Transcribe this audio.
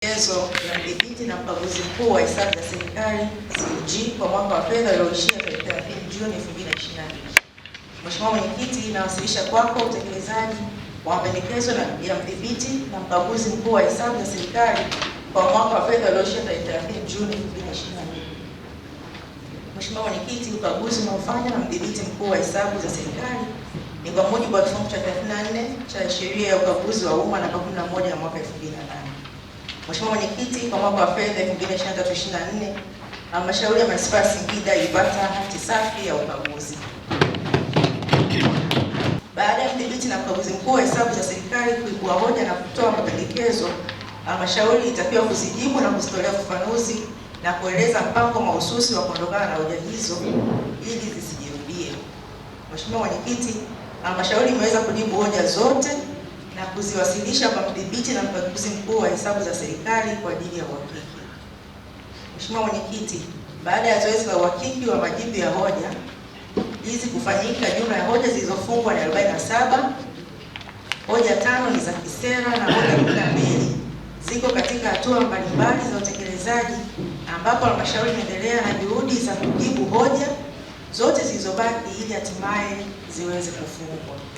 Pendekezo la mdhibiti na mkaguzi mkuu wa hesabu za serikali CAG kwa mwaka wa fedha ulioishia tarehe 30 Juni 2022. Mheshimiwa Mwenyekiti, inawasilisha kwako utekelezaji wa mapendekezo ya mdhibiti na mkaguzi mkuu wa hesabu za serikali kwa mwaka wa fedha ulioishia tarehe 30 Juni 2022. Mheshimiwa Mwenyekiti, ukaguzi unaofanywa na mdhibiti mkuu wa hesabu za serikali ni kwa mujibu wa kifungu cha 34 cha sheria ya ukaguzi wa umma namba 11 ya mwaka 2008. Mheshimiwa Mwenyekiti, kwa mwaka wa fedha 2023/2024 Halmashauri ya Manispaa ya Singida ilipata hati safi ya ukaguzi. Baada ya mdhibiti na mkaguzi mkuu wa hesabu za serikali kuibua hoja na kutoa mapendekezo, halmashauri ilitakiwa kuzijibu na kuzitolea ufafanuzi na kueleza mpango mahususi wa kuondokana na hoja hizo ili zisijirudie. Mheshimiwa Mwenyekiti, halmashauri imeweza kujibu hoja zote na kuziwasilisha kwa mdhibiti na mkaguzi mkuu wa hesabu za serikali kwa ajili ya uhakiki. Mheshimiwa Mwenyekiti, baada ya zoezi la uhakiki wa majibu ya hoja hizi kufanyika, jumla ya hoja zilizofungwa ni 47. Hoja tano ni za kisera na hoja mbili ziko katika hatua mbalimbali za utekelezaji, ambapo halmashauri inaendelea na juhudi za kujibu hoja zote zilizobaki ili hatimaye ziweze kufungwa.